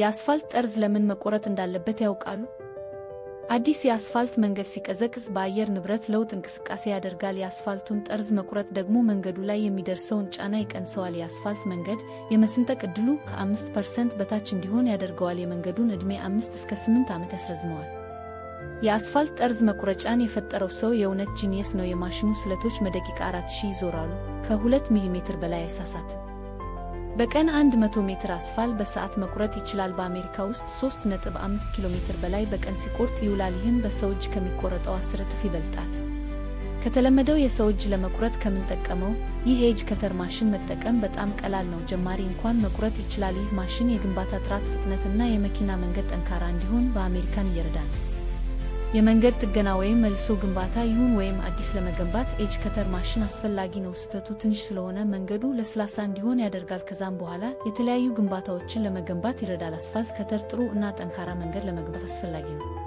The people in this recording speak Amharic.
የአስፋልት ጠርዝ ለምን መቆረጥ እንዳለበት ያውቃሉ? አዲስ የአስፋልት መንገድ ሲቀዘቅዝ በአየር ንብረት ለውጥ እንቅስቃሴ ያደርጋል። የአስፋልቱን ጠርዝ መቁረጥ ደግሞ መንገዱ ላይ የሚደርሰውን ጫና ይቀንሰዋል። የአስፋልት መንገድ የመሰንጠቅ ዕድሉ ከ5 ፐርሰንት በታች እንዲሆን ያደርገዋል። የመንገዱን ዕድሜ 5 እስከ 8 ዓመት ያስረዝመዋል። የአስፋልት ጠርዝ መቁረጫን የፈጠረው ሰው የእውነት ጂኒየስ ነው። የማሽኑ ስለቶች በደቂቃ 4000 ይዞራሉ። ከ2 ሚሜ በላይ አይሳሳትም። በቀን 100 ሜትር አስፋል በሰዓት መቁረጥ ይችላል። በአሜሪካ ውስጥ 3.5 ኪሎ ሜትር በላይ በቀን ሲቆርጥ ይውላል። ይህም በሰው እጅ ከሚቆረጠው አስር እጥፍ ይበልጣል። ከተለመደው የሰው እጅ ለመቁረጥ ከምንጠቀመው ይህ የእጅ ከተር ማሽን መጠቀም በጣም ቀላል ነው። ጀማሪ እንኳን መቁረጥ ይችላል። ይህ ማሽን የግንባታ ጥራት፣ ፍጥነትና የመኪና መንገድ ጠንካራ እንዲሆን በአሜሪካን እየረዳ ነው። የመንገድ ጥገና ወይም መልሶ ግንባታ ይሁን ወይም አዲስ ለመገንባት ኤጅ ከተር ማሽን አስፈላጊ ነው። ስህተቱ ትንሽ ስለሆነ መንገዱ ለስላሳ እንዲሆን ያደርጋል። ከዛም በኋላ የተለያዩ ግንባታዎችን ለመገንባት ይረዳል። አስፋልት ከተር ጥሩ እና ጠንካራ መንገድ ለመገንባት አስፈላጊ ነው።